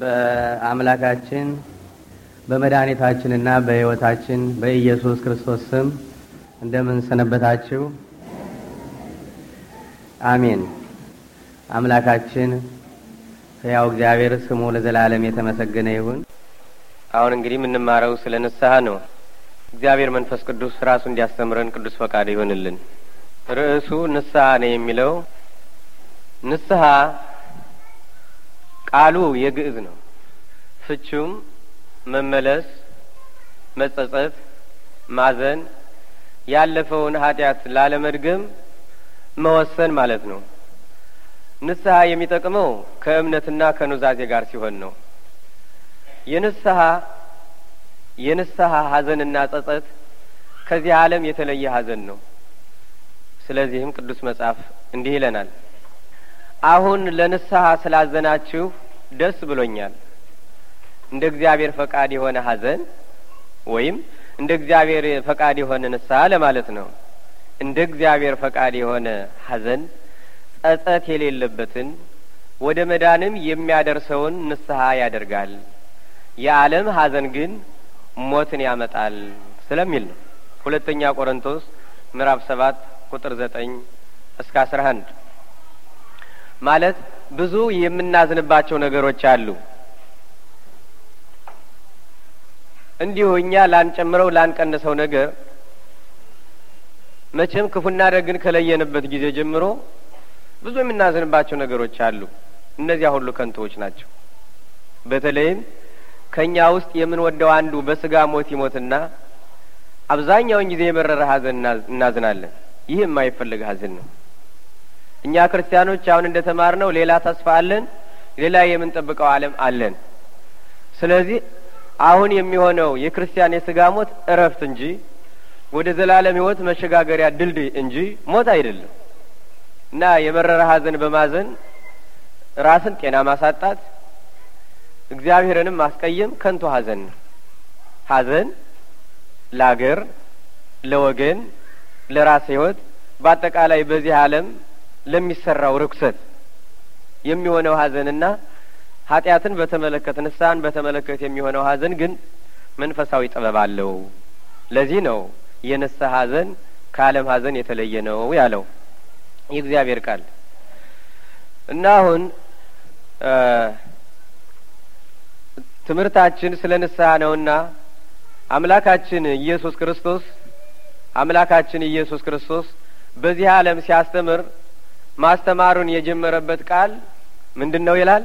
በአምላካችን በመድኃኒታችንና በሕይወታችን በኢየሱስ ክርስቶስ ስም እንደምን ሰነበታችሁ? አሜን። አምላካችን ሕያው እግዚአብሔር ስሙ ለዘላለም የተመሰገነ ይሁን። አሁን እንግዲህ የምንማረው ስለ ንስሐ ነው። እግዚአብሔር መንፈስ ቅዱስ ራሱ እንዲያስተምረን ቅዱስ ፈቃድ ይሆንልን። ርዕሱ ንስሐ ነው የሚለው ንስሐ ቃሉ የግዕዝ ነው። ፍቹም መመለስ፣ መጸጸት፣ ማዘን፣ ያለፈውን ኃጢአት ላለመድገም መወሰን ማለት ነው። ንስሐ የሚጠቅመው ከእምነትና ከኑዛዜ ጋር ሲሆን ነው። የንስሐ የንስሐ ሐዘንና ጸጸት ከዚህ ዓለም የተለየ ሐዘን ነው። ስለዚህም ቅዱስ መጽሐፍ እንዲህ ይለናል አሁን ለንስሐ ስላዘናችሁ ደስ ብሎኛል። እንደ እግዚአብሔር ፈቃድ የሆነ ሐዘን ወይም እንደ እግዚአብሔር ፈቃድ የሆነ ንስሐ ለማለት ነው። እንደ እግዚአብሔር ፈቃድ የሆነ ሐዘን ጸጸት የሌለበትን ወደ መዳንም የሚያደርሰውን ንስሐ ያደርጋል። የዓለም ሐዘን ግን ሞትን ያመጣል ስለሚል ነው። ሁለተኛ ቆሮንቶስ ምዕራፍ ሰባት ቁጥር ዘጠኝ እስከ አስራ አንድ ማለት ብዙ የምናዝንባቸው ነገሮች አሉ። እንዲሁ እኛ ላንጨምረው ላንቀንሰው ነገር መቼም ክፉና ደግን ከለየንበት ጊዜ ጀምሮ ብዙ የምናዝንባቸው ነገሮች አሉ። እነዚያ ሁሉ ከንቶዎች ናቸው። በተለይም ከእኛ ውስጥ የምንወደው አንዱ በስጋ ሞት ይሞትና አብዛኛውን ጊዜ የመረረ ሀዘን እናዝናለን። ይህ የማይፈልግ ሀዘን ነው። እኛ ክርስቲያኖች አሁን እንደ ተማር ነው ሌላ ተስፋ አለን፣ ሌላ የምንጠብቀው አለም አለን። ስለዚህ አሁን የሚሆነው የክርስቲያን የስጋ ሞት እረፍት እንጂ ወደ ዘላለም ህይወት መሸጋገሪያ ድልድይ እንጂ ሞት አይደለም እና የመረረ ሀዘን በማዘን ራስን ጤና ማሳጣት እግዚአብሔርንም ማስቀየም ከንቱ ሀዘን ነው። ሀዘን ለአገር፣ ለወገን፣ ለራስ ህይወት በአጠቃላይ በዚህ አለም። ለሚሰራው ርኩሰት የሚሆነው ሀዘንና ኃጢአትን በተመለከተ ንስሐን በተመለከተ የሚሆነው ሀዘን ግን መንፈሳዊ ጥበብ አለው። ለዚህ ነው የንስሐ ሀዘን ከዓለም ሀዘን የተለየ ነው ያለው የእግዚአብሔር ቃል እና አሁን ትምህርታችን ስለ ንስሐ ነውና አምላካችን ኢየሱስ ክርስቶስ አምላካችን ኢየሱስ ክርስቶስ በዚህ ዓለም ሲያስተምር ማስተማሩን የጀመረበት ቃል ምንድን ነው ይላል?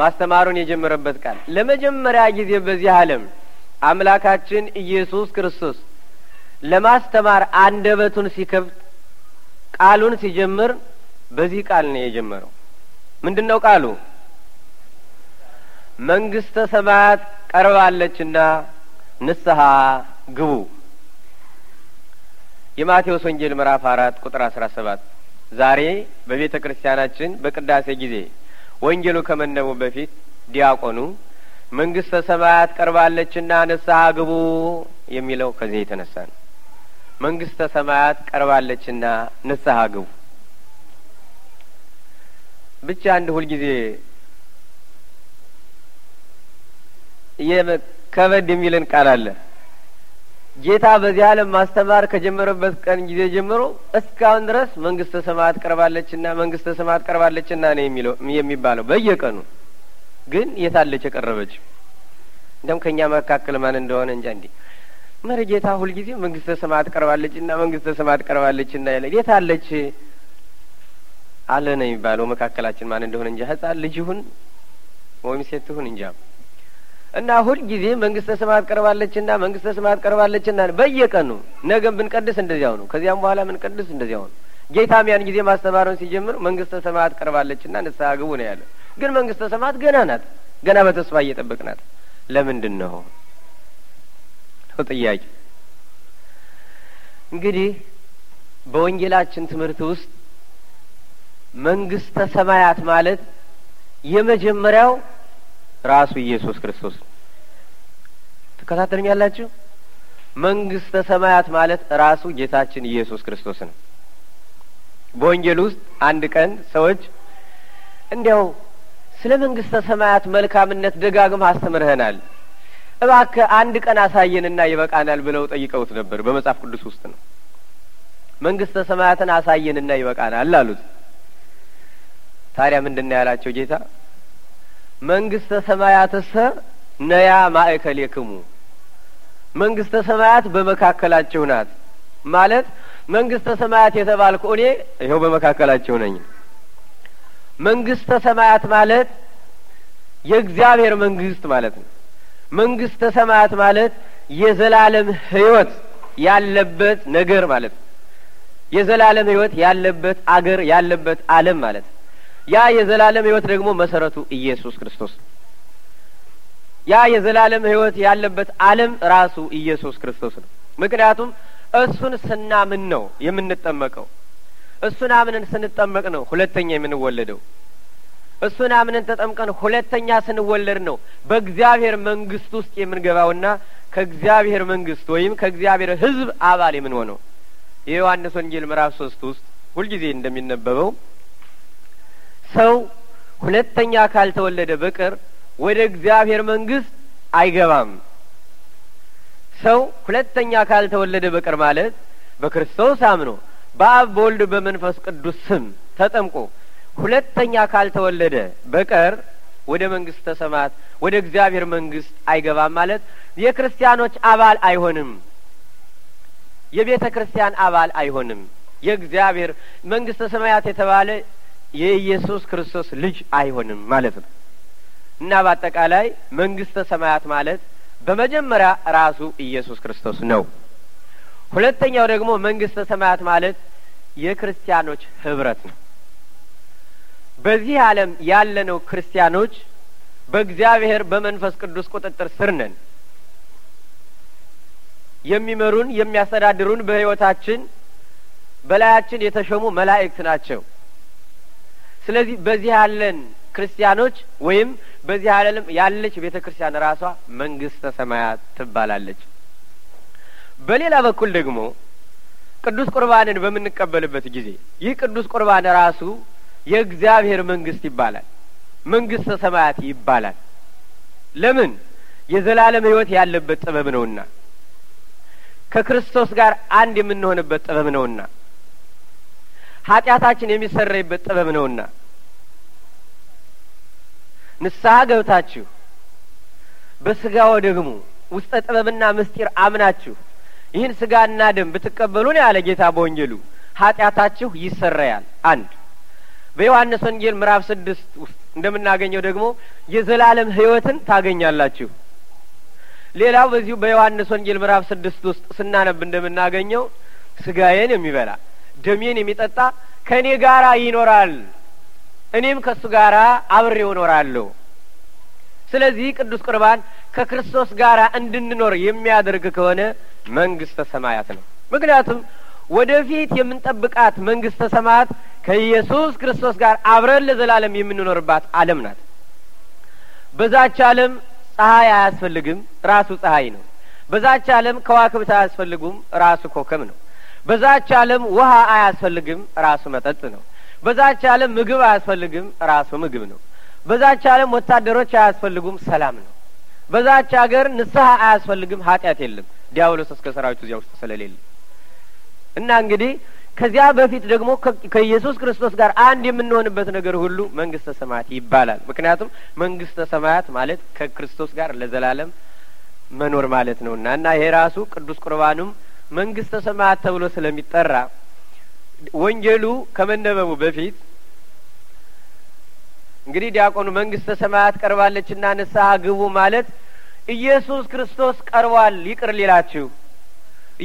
ማስተማሩን የጀመረበት ቃል ለመጀመሪያ ጊዜ በዚህ ዓለም አምላካችን ኢየሱስ ክርስቶስ ለማስተማር አንደበቱን ሲከፍት ቃሉን ሲጀምር በዚህ ቃል ነው የጀመረው። ምንድን ነው ቃሉ? መንግስተ ሰማያት ቀርባለችና ንስሐ ግቡ። የማቴዎስ ወንጌል ምዕራፍ አራት ቁጥር አስራ ሰባት ዛሬ በቤተ ክርስቲያናችን በቅዳሴ ጊዜ ወንጌሉ ከመነቡ በፊት ዲያቆኑ መንግስተ ሰማያት ቀርባለችና ንስሐ ግቡ የሚለው ከዚህ የተነሳ ነው። መንግስተ ሰማያት ቀርባለችና ንስሐ ግቡ ብቻ አንድ ሁልጊዜ ከበድ የሚልን ቃል አለ። ጌታ በዚህ ዓለም ማስተማር ከጀመረበት ቀን ጊዜ ጀምሮ እስካሁን ድረስ መንግስተ ሰማያት ቀርባለችና መንግስተ ሰማያት ቀርባለችና ነው የሚለው የሚባለው በየቀኑ ግን የታለች የቀረበች እንደም ከእኛ መካከል ማን እንደሆነ እንጃ እንዲ መሪ ጌታ ሁልጊዜ መንግስተ ሰማያት ቀርባለችና መንግስተ ሰማያት ቀርባለችና ያለ የታለች አለ ነው የሚባለው መካከላችን ማን እንደሆነ እንጃ ህጻን ልጅ ይሁን ወይም ሴት ይሁን እንጃ እና ሁልጊዜ መንግስተ ሰማያት ቀርባለችና መንግስተ ሰማያት ቀርባለችና በየቀኑ ነገም ብንቀድስ እንደዚያው ነው። ከዚያም በኋላ ምንቀድስ እንደዚያው ነው። ጌታም ያን ጊዜ ማስተማረን ሲጀምር መንግስተ ሰማያት ቀርባለችና ንስሐ ግቡ ነው ያለ። ግን መንግስተ ሰማያት ገና ናት። ገና በተስፋ እየጠበቅ ናት። ለምንድን ነው ነው ጥያቄ። እንግዲህ በወንጌላችን ትምህርት ውስጥ መንግስተ ሰማያት ማለት የመጀመሪያው ራሱ ኢየሱስ ክርስቶስ ነው። ያላችሁ መንግስተ ሰማያት ማለት ራሱ ጌታችን ኢየሱስ ክርስቶስ ነው። በወንጌል ውስጥ አንድ ቀን ሰዎች እንዲያው ስለ መንግስተ ሰማያት መልካምነት ደጋግመህ አስተምርኸናል፣ እባክህ አንድ ቀን አሳየንና ይበቃናል ብለው ጠይቀውት ነበር። በመጽሐፍ ቅዱስ ውስጥ ነው። መንግስተ ሰማያትን አሳየንና ይበቃናል አሉት። ታዲያ ምንድን ነው ያላቸው ጌታ መንግስተ ሰማያትሰ ነያ ማእከሌክሙ መንግስተ ሰማያት በመካከላችሁ ናት ማለት መንግስተ ሰማያት የተባልኩ እኔ ይኸው በመካከላችሁ ነኝ። መንግስተ ሰማያት ማለት የእግዚአብሔር መንግስት ማለት ነው። መንግስተ ሰማያት ማለት የዘላለም ህይወት ያለበት ነገር ማለት ነው። የዘላለም ህይወት ያለበት አገር ያለበት ዓለም ማለት ነው። ያ የዘላለም ህይወት ደግሞ መሰረቱ ኢየሱስ ክርስቶስ ያ የዘላለም ህይወት ያለበት ዓለም ራሱ ኢየሱስ ክርስቶስ ነው። ምክንያቱም እሱን ስናምን ነው የምንጠመቀው። እሱን አምነን ስንጠመቅ ነው ሁለተኛ የምንወለደው። እሱን አምነን ተጠምቀን ሁለተኛ ስንወለድ ነው በእግዚአብሔር መንግስት ውስጥ የምንገባውና ከእግዚአብሔር መንግስት ወይም ከእግዚአብሔር ህዝብ አባል የምንሆነው የዮሐንስ ወንጌል ምዕራፍ ሶስት ውስጥ ሁልጊዜ እንደሚነበበው ሰው ሁለተኛ ካልተወለደ በቀር ወደ እግዚአብሔር መንግስት አይገባም። ሰው ሁለተኛ ካልተወለደ በቀር ማለት በክርስቶስ አምኖ በአብ በወልድ በመንፈስ ቅዱስ ስም ተጠምቆ ሁለተኛ ካልተወለደ በቀር ወደ መንግስተ ሰማያት ወደ እግዚአብሔር መንግስት አይገባም ማለት የክርስቲያኖች አባል አይሆንም። የቤተ ክርስቲያን አባል አይሆንም። የእግዚአብሔር መንግስተ ሰማያት የተባለ የኢየሱስ ክርስቶስ ልጅ አይሆንም ማለት ነው እና በአጠቃላይ መንግስተ ሰማያት ማለት በመጀመሪያ ራሱ ኢየሱስ ክርስቶስ ነው። ሁለተኛው ደግሞ መንግስተ ሰማያት ማለት የክርስቲያኖች ህብረት ነው። በዚህ ዓለም ያለነው ክርስቲያኖች በእግዚአብሔር በመንፈስ ቅዱስ ቁጥጥር ስር ነን። የሚመሩን የሚያስተዳድሩን በህይወታችን በላያችን የተሾሙ መላእክት ናቸው። ስለዚህ በዚህ ያለን ክርስቲያኖች ወይም በዚህ ዓለም ያለች ቤተ ክርስቲያን ራሷ መንግስተ ሰማያት ትባላለች። በሌላ በኩል ደግሞ ቅዱስ ቁርባንን በምንቀበልበት ጊዜ ይህ ቅዱስ ቁርባን ራሱ የእግዚአብሔር መንግስት ይባላል፣ መንግስተ ሰማያት ይባላል። ለምን? የዘላለም ህይወት ያለበት ጥበብ ነውና ከክርስቶስ ጋር አንድ የምንሆንበት ጥበብ ነውና ኃጢአታችን የሚሰረይበት ጥበብ ነውና ንስሐ ገብታችሁ በስጋው ደግሞ ውስጠ ጥበብና ምስጢር አምናችሁ ይህን ስጋና ደም ብትቀበሉን ያለ ጌታ በወንጌሉ ኃጢአታችሁ ይሰረያል። አንድ በዮሐንስ ወንጌል ምዕራፍ ስድስት ውስጥ እንደምናገኘው ደግሞ የዘላለም ሕይወትን ታገኛላችሁ። ሌላው በዚሁ በዮሐንስ ወንጌል ምዕራፍ ስድስት ውስጥ ስናነብ እንደምናገኘው ስጋዬን የሚበላ ደሜን የሚጠጣ ከእኔ ጋር ይኖራል፣ እኔም ከእሱ ጋር አብሬው እኖራለሁ። ስለዚህ ቅዱስ ቁርባን ከክርስቶስ ጋር እንድንኖር የሚያደርግ ከሆነ መንግስተ ሰማያት ነው። ምክንያቱም ወደፊት የምንጠብቃት መንግስተ ሰማያት ከኢየሱስ ክርስቶስ ጋር አብረን ለዘላለም የምንኖርባት ዓለም ናት። በዛች ዓለም ፀሐይ አያስፈልግም፣ ራሱ ፀሐይ ነው። በዛች ዓለም ከዋክብት አያስፈልጉም፣ ራሱ ኮከብ ነው። በዛች ዓለም ውሃ አያስፈልግም፣ ራሱ መጠጥ ነው። በዛች ዓለም ምግብ አያስፈልግም፣ ራሱ ምግብ ነው። በዛች ዓለም ወታደሮች አያስፈልጉም፣ ሰላም ነው። በዛች ሀገር ንስሐ አያስፈልግም፣ ኃጢአት የለም፣ ዲያብሎስ እስከ ሰራዊቱ እዚያ ውስጥ ስለሌለ እና እንግዲህ ከዚያ በፊት ደግሞ ከኢየሱስ ክርስቶስ ጋር አንድ የምንሆንበት ነገር ሁሉ መንግስተ ሰማያት ይባላል። ምክንያቱም መንግስተ ሰማያት ማለት ከክርስቶስ ጋር ለዘላለም መኖር ማለት ነውና እና ይሄ ራሱ ቅዱስ ቁርባኑም መንግስተ ሰማያት ተብሎ ስለሚጠራ ወንጀሉ ከመነበቡ በፊት እንግዲህ ዲያቆኑ መንግስተ ሰማያት ቀርባለችና ንስሐ ግቡ ማለት ኢየሱስ ክርስቶስ ቀርቧል ይቅር ሊላችሁ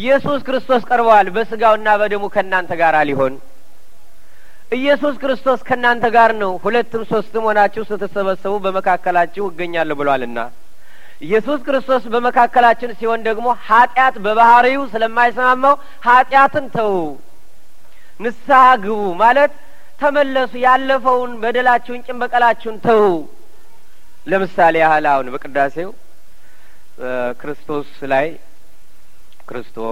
ኢየሱስ ክርስቶስ ቀርቧል በስጋውና በደሙ ከእናንተ ጋር ሊሆን ኢየሱስ ክርስቶስ ከእናንተ ጋር ነው፣ ሁለትም ሶስትም ሆናችሁ ስትሰበሰቡ በመካከላችሁ እገኛለሁ ብሏልና ኢየሱስ ክርስቶስ በመካከላችን ሲሆን ደግሞ ኃጢአት በባህሪው ስለማይስማማው ኃጢአትን ተው ንስሐ ግቡ ማለት ተመለሱ፣ ያለፈውን በደላችሁን፣ ቂም በቀላችሁን ተዉ። ለምሳሌ ያህል አሁን በቅዳሴው ክርስቶስ ላይ ክርስቶስ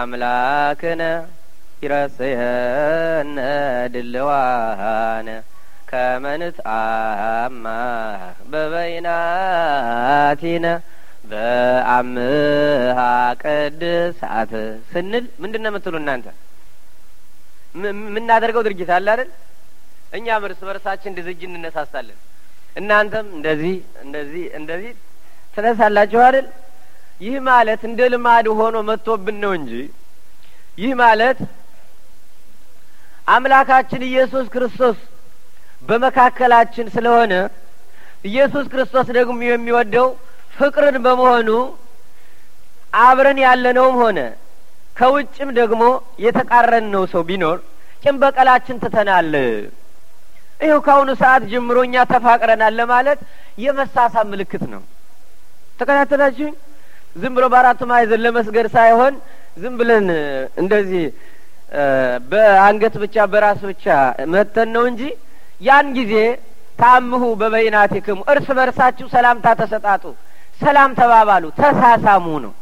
አምላክነ ይረስየነ ድልዋነ ከመንትአማህ በበይናቲነ በአምሃ ቅድሳት ስንል ምንድን ነው የምትሉ እናንተ? የምናደርገው ድርጊት አለ አይደል? እኛም እርስ በርሳችን ድዝጅ እንነሳሳለን። እናንተም እንደዚህ እንደዚህ እንደዚህ ትነሳላችሁ አይደል? ይህ ማለት እንደ ልማድ ሆኖ መጥቶብን ነው እንጂ ይህ ማለት አምላካችን ኢየሱስ ክርስቶስ በመካከላችን ስለሆነ ኢየሱስ ክርስቶስ ደግሞ የሚወደው ፍቅርን በመሆኑ አብረን ያለነውም ሆነ ከውጭም ደግሞ የተቃረን ነው ሰው ቢኖር ቂም በቀላችን ትተናል። ይኸው ከአሁኑ ሰዓት ጀምሮ እኛ ተፋቅረናል ለማለት የመሳሳ ምልክት ነው። ተከታተላችሁኝ? ዝም ብሎ በአራቱ ማዕዘን ለመስገድ ሳይሆን ዝም ብለን እንደዚህ በአንገት ብቻ በራስ ብቻ መተን ነው እንጂ ያን ጊዜ ታምሁ በበይናቲክሙ እርስ በርሳችሁ ሰላምታ ተሰጣጡ፣ ሰላም ተባባሉ፣ ተሳሳሙ ነው።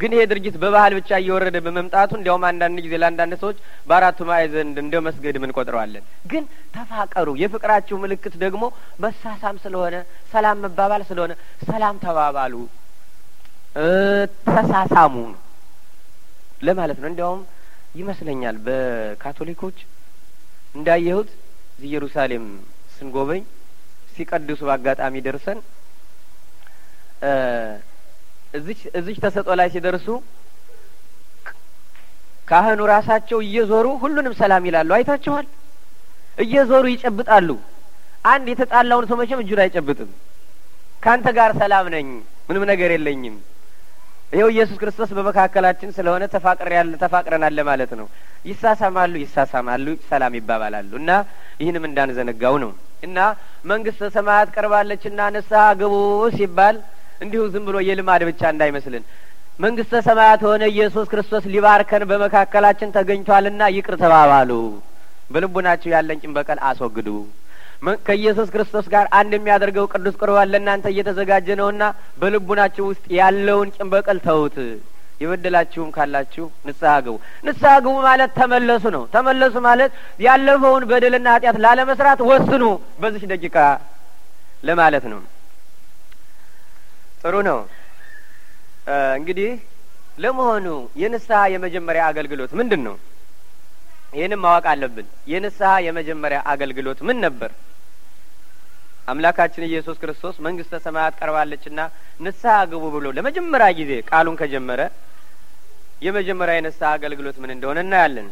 ግን ይሄ ድርጊት በባህል ብቻ እየወረደ በመምጣቱ እንዲያውም አንዳንድ ጊዜ ለአንዳንድ ሰዎች በአራቱ ማዕዘን እንደ መስገድ እንቆጥረዋለን። ግን ተፋቀሩ። የፍቅራችሁ ምልክት ደግሞ መሳሳም ስለሆነ ሰላም መባባል ስለሆነ ሰላም ተባባሉ፣ ተሳሳሙ ነው ለማለት ነው። እንዲያውም ይመስለኛል በካቶሊኮች እንዳየሁት እዚህ ኢየሩሳሌም ስንጎበኝ ሲቀድሱ በአጋጣሚ ደርሰን እዚች እዚች ተሰጦ ላይ ሲደርሱ ካህኑ ራሳቸው እየዞሩ ሁሉንም ሰላም ይላሉ። አይታችኋል? እየዞሩ ይጨብጣሉ። አንድ የተጣላውን ሰው መቼም እጁን አይጨብጥም። ካንተ ጋር ሰላም ነኝ፣ ምንም ነገር የለኝም ይኸው ኢየሱስ ክርስቶስ በመካከላችን ስለሆነ ተፋቅረናል ማለት ነው። ይሳሳማሉ፣ ይሳሳማሉ፣ ሰላም ይባባላሉ እና ይህንም እንዳንዘነጋው ነው እና መንግስተ ሰማያት ቀርባለችና ንስሐ ግቡ ሲባል እንዲሁ ዝም ብሎ የልማድ ብቻ እንዳይመስልን መንግስተ ሰማያት ሆነ ኢየሱስ ክርስቶስ ሊባርከን በመካከላችን ተገኝቷልና ይቅር ተባባሉ፣ በልቡናችሁ ያለን ጭንበቀል አስወግዱ። ከኢየሱስ ክርስቶስ ጋር አንድ የሚያደርገው ቅዱስ ቁርባን ለእናንተ እየተዘጋጀ ነውና በልቡናችሁ ውስጥ ያለውን ቂም በቀል ተውት። የበደላችሁም ካላችሁ ንስሐ ግቡ። ንስሐ ግቡ ማለት ተመለሱ ነው። ተመለሱ ማለት ያለፈውን በደልና ኃጢአት ላለመስራት ወስኑ በዚህ ደቂቃ ለማለት ነው። ጥሩ ነው። እንግዲህ ለመሆኑ የንስሐ የመጀመሪያ አገልግሎት ምንድን ነው? ይህንም ማወቅ አለብን። የንስሐ የመጀመሪያ አገልግሎት ምን ነበር? አምላካችን ኢየሱስ ክርስቶስ መንግስተ ሰማያት ቀርባለችና ንስሐ ግቡ ብሎ ለመጀመሪያ ጊዜ ቃሉን ከጀመረ የመጀመሪያ የንስሐ አገልግሎት ምን እንደሆነ እናያለን።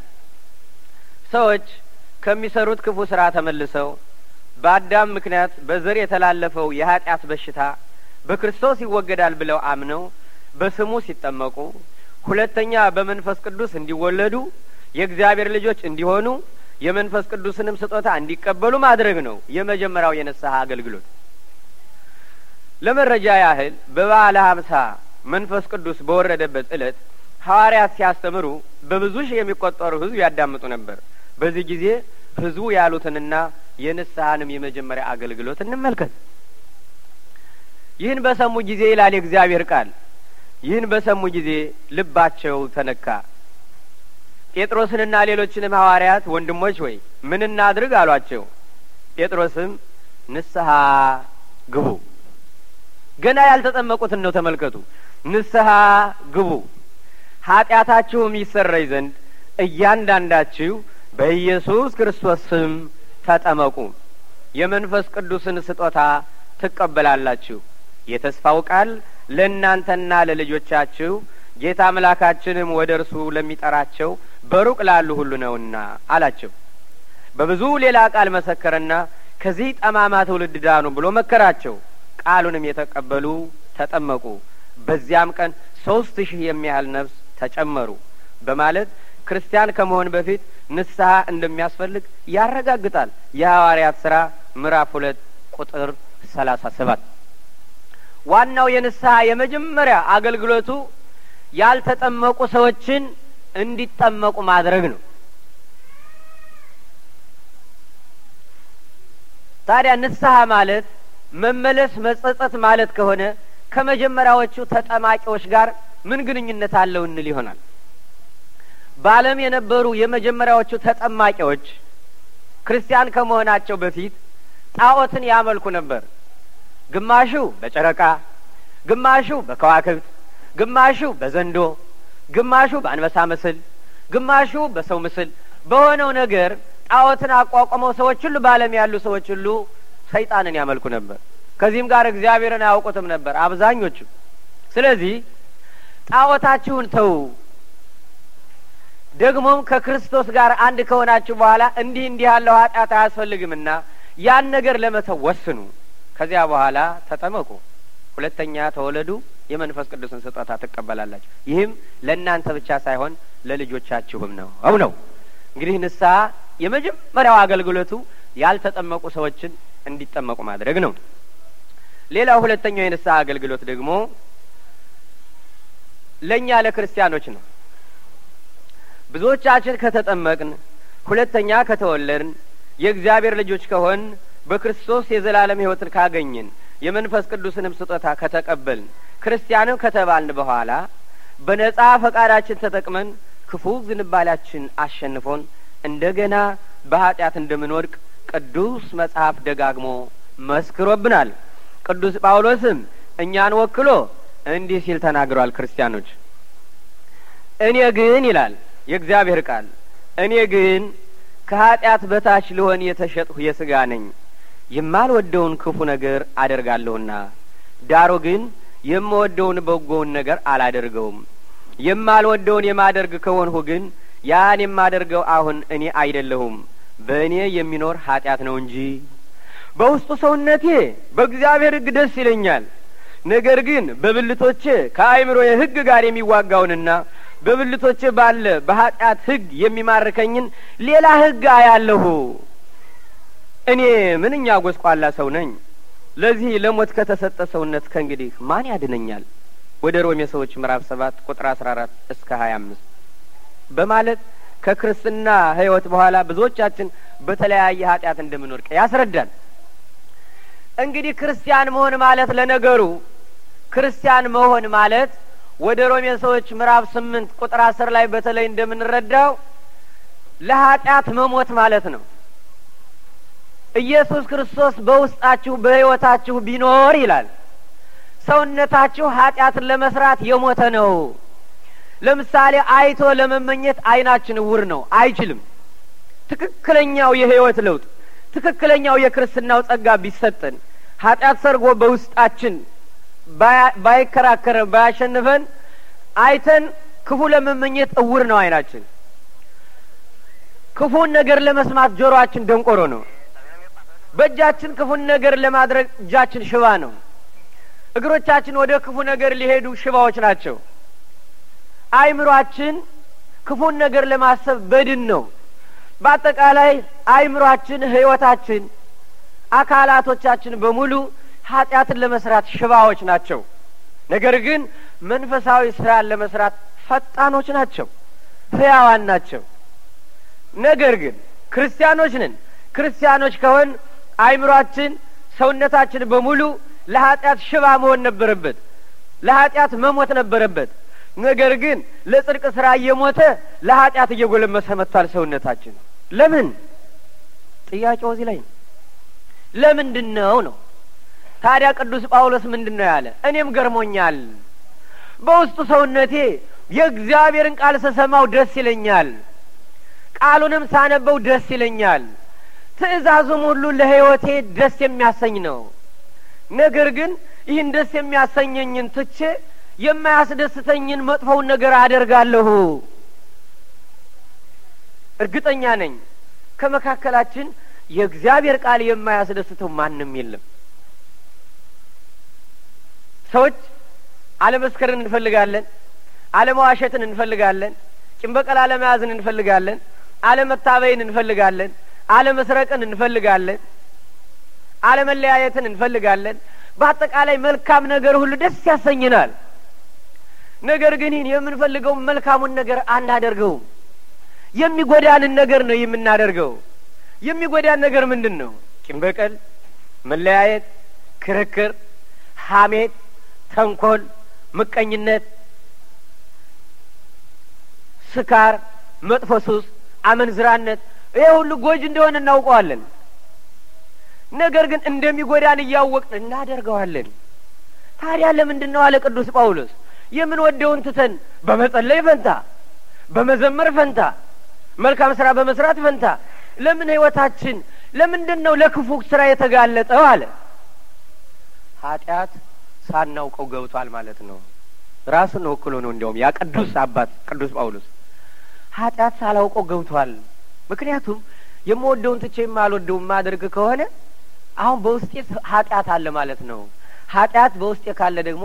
ሰዎች ከሚሰሩት ክፉ ስራ ተመልሰው በአዳም ምክንያት በዘር የተላለፈው የኃጢአት በሽታ በክርስቶስ ይወገዳል ብለው አምነው በስሙ ሲጠመቁ፣ ሁለተኛ በመንፈስ ቅዱስ እንዲወለዱ የእግዚአብሔር ልጆች እንዲሆኑ የመንፈስ ቅዱስንም ስጦታ እንዲቀበሉ ማድረግ ነው የመጀመሪያው የንስሐ አገልግሎት። ለመረጃ ያህል በበዓለ ሀምሳ መንፈስ ቅዱስ በወረደበት ዕለት ሐዋርያት ሲያስተምሩ በብዙ ሺህ የሚቆጠሩ ሕዝብ ያዳምጡ ነበር። በዚህ ጊዜ ሕዝቡ ያሉትንና የንስሐንም የመጀመሪያ አገልግሎት እንመልከት። ይህን በሰሙ ጊዜ ይላል የእግዚአብሔር ቃል፣ ይህን በሰሙ ጊዜ ልባቸው ተነካ፣ ጴጥሮስንና ሌሎችንም ሐዋርያት ወንድሞች ሆይ ምን እናድርግ አሏቸው። ጴጥሮስም ንስሐ ግቡ። ገና ያልተጠመቁትን ነው ተመልከቱ። ንስሐ ግቡ ኀጢአታችሁም ይሰረይ ዘንድ እያንዳንዳችሁ በኢየሱስ ክርስቶስ ስም ተጠመቁ፣ የመንፈስ ቅዱስን ስጦታ ትቀበላላችሁ። የተስፋው ቃል ለእናንተና ለልጆቻችሁ ጌታ አምላካችንም ወደ እርሱ ለሚጠራቸው በሩቅ ላሉ ሁሉ ነውና አላቸው። በብዙ ሌላ ቃል መሰከረና ከዚህ ጠማማ ትውልድ ዳኑ ብሎ መከራቸው። ቃሉንም የተቀበሉ ተጠመቁ። በዚያም ቀን ሶስት ሺህ የሚያህል ነፍስ ተጨመሩ በማለት ክርስቲያን ከመሆን በፊት ንስሐ እንደሚያስፈልግ ያረጋግጣል። የሐዋርያት ስራ ምዕራፍ ሁለት ቁጥር ሰላሳ ሰባት ዋናው የንስሐ የመጀመሪያ አገልግሎቱ ያልተጠመቁ ሰዎችን እንዲጠመቁ ማድረግ ነው። ታዲያ ንስሐ ማለት መመለስ መጸጸት ማለት ከሆነ ከመጀመሪያዎቹ ተጠማቂዎች ጋር ምን ግንኙነት አለው እንል ይሆናል። በዓለም የነበሩ የመጀመሪያዎቹ ተጠማቂዎች ክርስቲያን ከመሆናቸው በፊት ጣዖትን ያመልኩ ነበር። ግማሹ በጨረቃ፣ ግማሹ በከዋክብት፣ ግማሹ በዘንዶ ግማሹ በአንበሳ ምስል፣ ግማሹ በሰው ምስል በሆነው ነገር ጣዖትን አቋቁመው ሰዎች ሁሉ በዓለም ያሉ ሰዎች ሁሉ ሰይጣንን ያመልኩ ነበር። ከዚህም ጋር እግዚአብሔርን አያውቁትም ነበር አብዛኞቹ። ስለዚህ ጣዖታችሁን ተዉ፣ ደግሞም ከክርስቶስ ጋር አንድ ከሆናችሁ በኋላ እንዲህ እንዲህ ያለው ኃጢአት አያስፈልግምና ያን ነገር ለመተው ወስኑ። ከዚያ በኋላ ተጠመቁ፣ ሁለተኛ ተወለዱ የመንፈስ ቅዱስን ስጦታ ትቀበላላችሁ። ይህም ለእናንተ ብቻ ሳይሆን ለልጆቻችሁም ነው። አው ነው እንግዲህ ንስሐ የመጀመሪያው አገልግሎቱ ያልተጠመቁ ሰዎችን እንዲጠመቁ ማድረግ ነው። ሌላው ሁለተኛው የንስሐ አገልግሎት ደግሞ ለእኛ ለክርስቲያኖች ነው። ብዙዎቻችን ከተጠመቅን ሁለተኛ ከተወለድን የእግዚአብሔር ልጆች ከሆን በክርስቶስ የዘላለም ሕይወትን ካገኘን የመንፈስ ቅዱስንም ስጦታ ከተቀበልን ክርስቲያንም ከተባልን በኋላ በነጻ ፈቃዳችን ተጠቅመን ክፉ ዝንባላችን አሸንፎን እንደገና በኃጢአት እንደምንወድቅ ቅዱስ መጽሐፍ ደጋግሞ መስክሮብናል። ቅዱስ ጳውሎስም እኛን ወክሎ እንዲህ ሲል ተናግሯል። ክርስቲያኖች እኔ ግን ይላል የእግዚአብሔር ቃል እኔ ግን ከኃጢአት በታች ልሆን የተሸጥሁ የሥጋ ነኝ የማልወደውን ክፉ ነገር አደርጋለሁና ዳሩ ግን የምወደውን በጎውን ነገር አላደርገውም። የማልወደውን የማደርግ ከሆንሁ ግን ያን የማደርገው አሁን እኔ አይደለሁም በእኔ የሚኖር ኀጢአት ነው እንጂ። በውስጡ ሰውነቴ በእግዚአብሔር ሕግ ደስ ይለኛል። ነገር ግን በብልቶቼ ከአእምሮዬ የሕግ ጋር የሚዋጋውንና በብልቶቼ ባለ በኀጢአት ሕግ የሚማርከኝን ሌላ ሕግ አያለሁ። እኔ ምንኛ ጐስቋላ ሰው ነኝ! ለዚህ ለሞት ከተሰጠ ሰውነት ከእንግዲህ ማን ያድነኛል? ወደ ሮሜ ሰዎች ምዕራፍ ሰባት ቁጥር አስራ አራት እስከ ሀያ አምስት በማለት ከክርስትና ህይወት በኋላ ብዙዎቻችን በተለያየ ኃጢአት እንደምንወድቅ ያስረዳል። እንግዲህ ክርስቲያን መሆን ማለት ለነገሩ ክርስቲያን መሆን ማለት ወደ ሮሜ ሰዎች ምዕራፍ ስምንት ቁጥር አስር ላይ በተለይ እንደምንረዳው ለኃጢአት መሞት ማለት ነው። ኢየሱስ ክርስቶስ በውስጣችሁ በሕይወታችሁ ቢኖር ይላል ሰውነታችሁ ኃጢአትን ለመስራት የሞተ ነው። ለምሳሌ አይቶ ለመመኘት አይናችን እውር ነው፣ አይችልም። ትክክለኛው የህይወት ለውጥ ትክክለኛው የክርስትናው ጸጋ ቢሰጠን ኃጢአት ሰርጎ በውስጣችን ባይከራከረን ባያሸንፈን አይተን ክፉ ለመመኘት እውር ነው አይናችን። ክፉን ነገር ለመስማት ጆሮአችን ደንቆሮ ነው። በእጃችን ክፉን ነገር ለማድረግ እጃችን ሽባ ነው። እግሮቻችን ወደ ክፉ ነገር ሊሄዱ ሽባዎች ናቸው። አይምሯችን ክፉን ነገር ለማሰብ በድን ነው። በአጠቃላይ አይምሯችን፣ ህይወታችን፣ አካላቶቻችን በሙሉ ኃጢአትን ለመስራት ሽባዎች ናቸው። ነገር ግን መንፈሳዊ ስራን ለመስራት ፈጣኖች ናቸው፣ ህያዋን ናቸው። ነገር ግን ክርስቲያኖች ነን። ክርስቲያኖች ከሆን አይምሯችን፣ ሰውነታችን በሙሉ ለኃጢአት ሽባ መሆን ነበረበት፣ ለኃጢአት መሞት ነበረበት። ነገር ግን ለጽድቅ ስራ እየሞተ ለኃጢአት እየጎለመሰ መጥቷል ሰውነታችን። ለምን? ጥያቄው እዚህ ላይ ነው። ለምንድን ነው ነው? ታዲያ ቅዱስ ጳውሎስ ምንድን ነው ያለ? እኔም ገርሞኛል። በውስጡ ሰውነቴ የእግዚአብሔርን ቃል ስሰማው ደስ ይለኛል፣ ቃሉንም ሳነበው ደስ ይለኛል። ትእዛዙም ሁሉ ለህይወቴ ደስ የሚያሰኝ ነው። ነገር ግን ይህን ደስ የሚያሰኘኝን ትቼ የማያስደስተኝን መጥፎውን ነገር አደርጋለሁ። እርግጠኛ ነኝ ከመካከላችን የእግዚአብሔር ቃል የማያስደስተው ማንም የለም። ሰዎች አለመስከርን እንፈልጋለን፣ አለመዋሸትን እንፈልጋለን፣ ጭንበቀል አለመያዝን እንፈልጋለን፣ አለመታበይን እንፈልጋለን። አለመስረቅን እንፈልጋለን፣ አለመለያየትን እንፈልጋለን። በአጠቃላይ መልካም ነገር ሁሉ ደስ ያሰኝናል። ነገር ግን ይህን የምንፈልገው መልካሙን ነገር አናደርገውም። የሚጎዳንን ነገር ነው የምናደርገው። የሚጎዳን ነገር ምንድን ነው? ቂም በቀል፣ መለያየት፣ ክርክር፣ ሐሜት፣ ተንኮል፣ ምቀኝነት፣ ስካር፣ መጥፎ ሱስ፣ አመንዝራነት ይሄ ሁሉ ጎጅ እንደሆነ እናውቀዋለን። ነገር ግን እንደሚጎዳን እያወቅን እናደርገዋለን። ታዲያ ለምንድን ነው አለ ቅዱስ ጳውሎስ የምንወደውን ትተን በመጸለይ ፈንታ፣ በመዘመር ፈንታ፣ መልካም ስራ በመስራት ፈንታ ለምን ህይወታችን ለምንድን ነው ለክፉ ስራ የተጋለጠው? አለ ኃጢአት ሳናውቀው ገብቷል ማለት ነው። ራሱን ወክሎ ነው። እንዲያውም ያ ቅዱስ አባት ቅዱስ ጳውሎስ ኃጢአት ሳላውቀው ገብቷል ምክንያቱም የምወደውን ትቼ የማልወደው የማደርግ ከሆነ አሁን በውስጤ ኃጢአት አለ ማለት ነው። ኃጢአት በውስጤ ካለ ደግሞ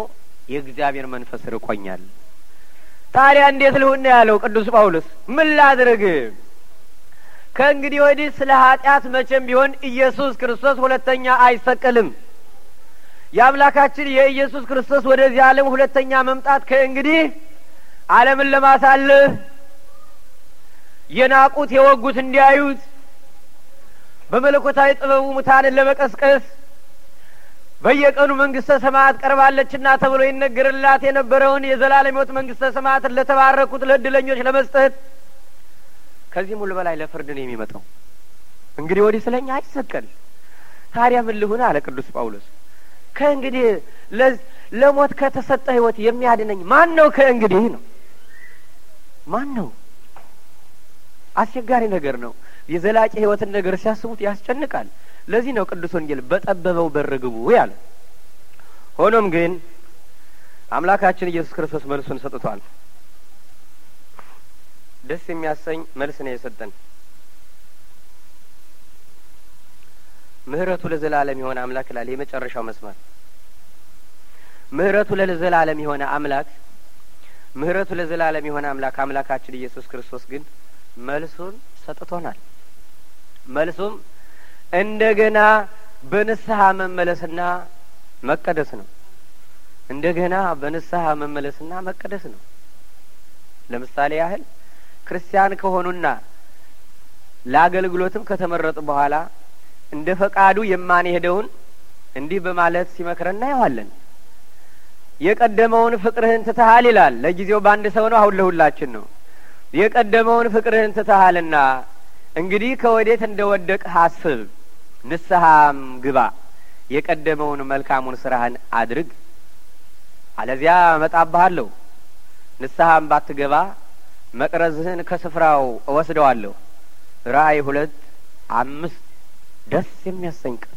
የእግዚአብሔር መንፈስ ርቆኛል። ታዲያ እንዴት ልሁን ያለው ቅዱስ ጳውሎስ ምን ላድርግ? ከእንግዲህ ወዲህ ስለ ኃጢአት መቼም ቢሆን ኢየሱስ ክርስቶስ ሁለተኛ አይሰቀልም። የአምላካችን የኢየሱስ ክርስቶስ ወደዚህ ዓለም ሁለተኛ መምጣት ከእንግዲህ ዓለምን ለማሳለፍ የናቁት የወጉት እንዲያዩት በመለኮታዊ ጥበቡ ሙታንን ለመቀስቀስ በየቀኑ መንግስተ ሰማያት ቀርባለችና ተብሎ ይነገርላት የነበረውን የዘላለም ሕይወት መንግስተ ሰማያትን ለተባረኩት ለእድለኞች ለመስጠት ከዚህ ሙሉ በላይ ለፍርድ ነው የሚመጣው። እንግዲህ ወዲህ ስለኛ አይሰቀል ታዲያ ምን ልሁን አለ ቅዱስ ጳውሎስ። ከእንግዲህ ለሞት ከተሰጠ ሕይወት የሚያድነኝ ማን ነው? ከእንግዲህ ነው ማን ነው? አስቸጋሪ ነገር ነው። የዘላቂ ህይወትን ነገር ሲያስቡት ያስጨንቃል። ለዚህ ነው ቅዱስ ወንጌል በጠበበው በር ግቡ ያለ። ሆኖም ግን አምላካችን ኢየሱስ ክርስቶስ መልሱን ሰጥቷል። ደስ የሚያሰኝ መልስ ነው የሰጠን። ምህረቱ ለዘላለም የሆነ አምላክ ይላል የመጨረሻው መስመር። ምህረቱ ለዘላለም የሆነ አምላክ ምህረቱ ለዘላለም የሆነ አምላክ አምላካችን ኢየሱስ ክርስቶስ ግን መልሱን ሰጥቶናል። መልሱም እንደገና በንስሐ መመለስና መቀደስ ነው። እንደገና በንስሐ መመለስና መቀደስ ነው። ለምሳሌ ያህል ክርስቲያን ከሆኑና ለአገልግሎትም ከተመረጡ በኋላ እንደ ፈቃዱ የማንሄደውን እንዲህ በማለት ሲመክረን እናየዋለን። የቀደመውን ፍቅርህን ትተሃል ይላል። ለጊዜው በአንድ ሰው ነው፣ አሁን ለሁላችን ነው። የቀደመውን ፍቅርህን ትተሃልና እንግዲህ ከወዴት እንደ ወደቅህ አስብ፣ ንስሐም ግባ፣ የቀደመውን መልካሙን ስራህን አድርግ፣ አለዚያ እመጣብሃለሁ። ንስሐም ባትገባ መቅረዝህን ከስፍራው እወስደዋለሁ። ራእይ ሁለት አምስት ደስ የሚያሰኝ ቃል።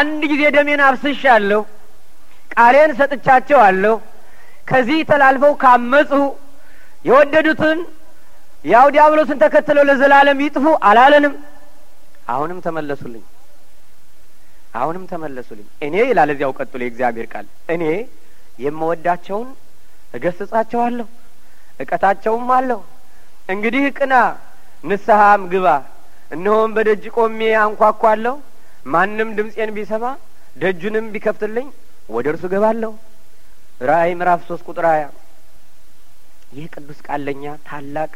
አንድ ጊዜ ደሜን አፍስሻለሁ፣ ቃሌን ሰጥቻቸው አለሁ። ከዚህ ተላልፈው ካመፁ የወደዱትን ያው ዲያብሎስን ተከትለው ለዘላለም ይጥፉ አላለንም። አሁንም ተመለሱልኝ፣ አሁንም ተመለሱልኝ። እኔ ይላል እዚያው ቀጥሎ የእግዚአብሔር ቃል እኔ የምወዳቸውን እገስጻቸዋለሁ፣ እቀታቸውም አለሁ። እንግዲህ ቅና፣ ንስሐም ግባ። እነሆም በደጅ ቆሜ አንኳኳለሁ። ማንም ድምፄን ቢሰማ ደጁንም ቢከፍትልኝ ወደ እርሱ ገባለሁ። ራእይ ምዕራፍ ሶስት ቁጥር ሀያ ይህ ቅዱስ ቃል ለእኛ ታላቅ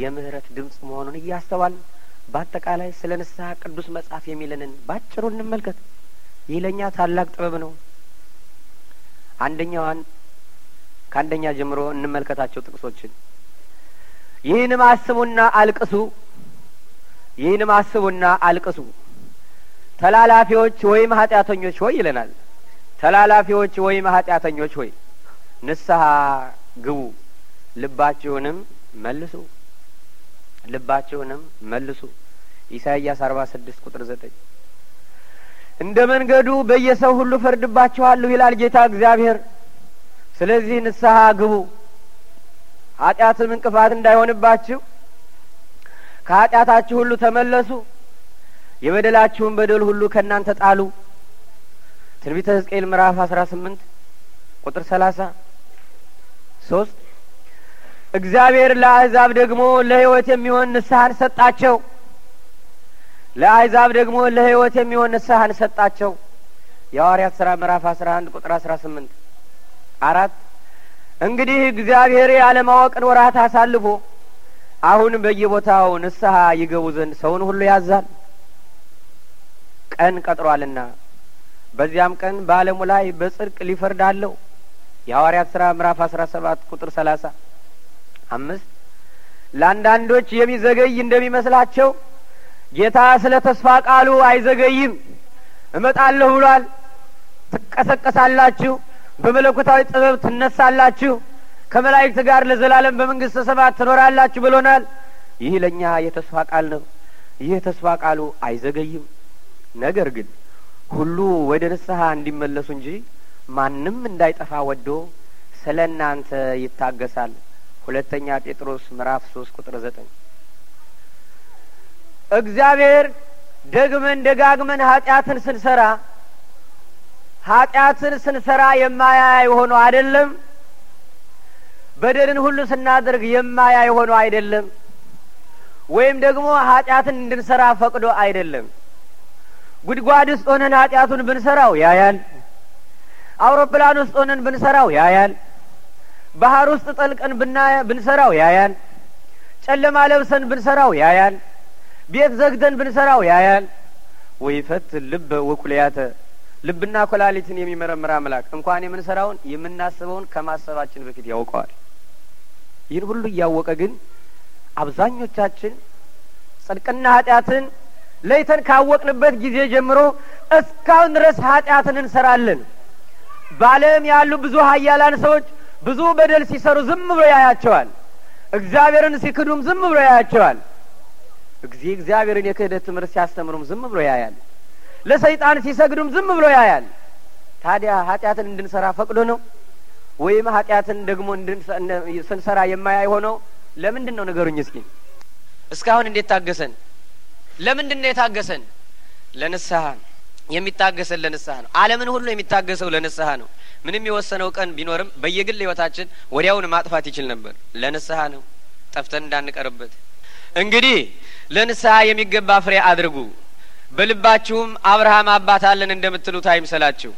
የምህረት ድምጽ መሆኑን እያስተዋል በአጠቃላይ ስለ ንስሐ ቅዱስ መጽሐፍ የሚለንን ባጭሩ እንመልከት። ይህ ለእኛ ታላቅ ጥበብ ነው። አንደኛዋን ከአንደኛ ጀምሮ እንመልከታቸው ጥቅሶችን። ይህንም አስቡና አልቅሱ፣ ይህንም አስቡና አልቅሱ ተላላፊዎች ወይም ኃጢአተኞች ሆይ ይለናል። ተላላፊዎች ወይም ኃጢአተኞች ሆይ ንስሐ ግቡ ልባችሁንም መልሱ፣ ልባችሁንም መልሱ። ኢሳይያስ አርባ ስድስት ቁጥር ዘጠኝ እንደ መንገዱ በየሰው ሁሉ ፈርድባችኋለሁ ይላል ጌታ እግዚአብሔር። ስለዚህ ንስሐ ግቡ፣ ኃጢአትም እንቅፋት እንዳይሆንባችሁ ከኃጢአታችሁ ሁሉ ተመለሱ፣ የበደላችሁን በደል ሁሉ ከእናንተ ጣሉ። ትንቢተ ሕዝቅኤል ምዕራፍ አስራ ስምንት ቁጥር ሰላሳ ሶስት እግዚአብሔር ለአሕዛብ ደግሞ ለሕይወት የሚሆን ንስሐን ሰጣቸው። ለአሕዛብ ደግሞ ለሕይወት የሚሆን ንስሐን ሰጣቸው። የሐዋርያት ሥራ ምዕራፍ አስራ አንድ ቁጥር አስራ ስምንት አራት እንግዲህ እግዚአብሔር ያለማወቅን ወራት አሳልፎ አሁን በየቦታው ንስሐ ይገቡ ዘንድ ሰውን ሁሉ ያዛል፣ ቀን ቀጥሯልና በዚያም ቀን በዓለሙ ላይ በጽድቅ ሊፈርድ አለው። የሐዋርያት ሥራ ምዕራፍ አስራ ሰባት ቁጥር ሰላሳ አምስት ለአንዳንዶች የሚዘገይ እንደሚመስላቸው ጌታ ስለ ተስፋ ቃሉ አይዘገይም፣ እመጣለሁ ብሏል። ትቀሰቀሳላችሁ፣ በመለኮታዊ ጥበብ ትነሳላችሁ፣ ከመላእክት ጋር ለዘላለም በመንግሥተ ሰማያት ትኖራላችሁ ብሎናል። ይህ ለእኛ የተስፋ ቃል ነው። ይህ ተስፋ ቃሉ አይዘገይም። ነገር ግን ሁሉ ወደ ንስሐ እንዲመለሱ እንጂ ማንም እንዳይጠፋ ወዶ ስለ እናንተ ይታገሳል። ሁለተኛ ጴጥሮስ ምዕራፍ ሶስት ቁጥር ዘጠኝ እግዚአብሔር ደግመን ደጋግመን ኃጢአትን ስንሰራ ኃጢአትን ስንሰራ የማያይ ሆኖ አይደለም። በደልን ሁሉ ስናደርግ የማያይ ሆኖ አይደለም። ወይም ደግሞ ኃጢአትን እንድንሰራ ፈቅዶ አይደለም። ጉድጓድ ውስጥ ሆነን ኃጢአቱን ብንሰራው ያያል። አውሮፕላን ውስጥ ሆነን ብንሰራው ያያል። ባህር ውስጥ ጠልቀን ብንሰራው ያያል። ጨለማ ለብሰን ብንሰራው ያያል። ቤት ዘግተን ብንሰራው ያያል። ወይፈትን ልብ ወኩልያተ ልብና ኮላሊትን የሚመረምር አምላክ እንኳን የምንሰራውን የምናስበውን ከማሰባችን በፊት ያውቀዋል። ይህን ሁሉ እያወቀ ግን አብዛኞቻችን ጽድቅና ኃጢአትን ለይተን ካወቅንበት ጊዜ ጀምሮ እስካሁን ድረስ ኃጢአትን እንሰራለን። በዓለም ያሉ ብዙ ሀያላን ሰዎች ብዙ በደል ሲሰሩ ዝም ብሎ ያያቸዋል። እግዚአብሔርን ሲክዱም ዝም ብሎ ያያቸዋል። እግዚ እግዚአብሔርን የክህደት ትምህርት ሲያስተምሩም ዝም ብሎ ያያል። ለሰይጣን ሲሰግዱም ዝም ብሎ ያያል። ታዲያ ኃጢአትን እንድንሰራ ፈቅዶ ነው ወይም ኃጢአትን ደግሞ ስንሰራ የማያይ ሆነው ለምንድን ነው ንገሩኝ እስኪ። እስካሁን እንዴት ታገሰን? ለምንድን ነው የታገሰን? ለንስሐ የሚታገሰን ለንስሐ ነው። ዓለምን ሁሉ የሚታገሰው ለንስሐ ነው። ምንም የወሰነው ቀን ቢኖርም በየግል ህይወታችን ወዲያውን ማጥፋት ይችል ነበር። ለንስሐ ነው፣ ጠፍተን እንዳንቀርበት። እንግዲህ ለንስሐ የሚገባ ፍሬ አድርጉ፣ በልባችሁም አብርሃም አባት አለን እንደምትሉት አይምሰላችሁ